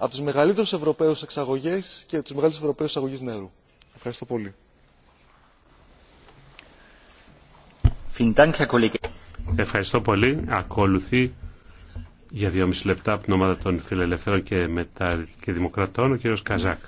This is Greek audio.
από τους μεγαλύτερους ευρωπαίους εξαγωγές και τους μεγαλύτερους ευρωπαίους εξαγωγείς νερού. Ευχαριστώ πολύ. Ευχαριστώ πολύ. Ακολουθεί για δύο μισή λεπτά από την ομάδα των Φιλελευθέρων και, μετα... και Δημοκρατών ο κύριος Καζάκ.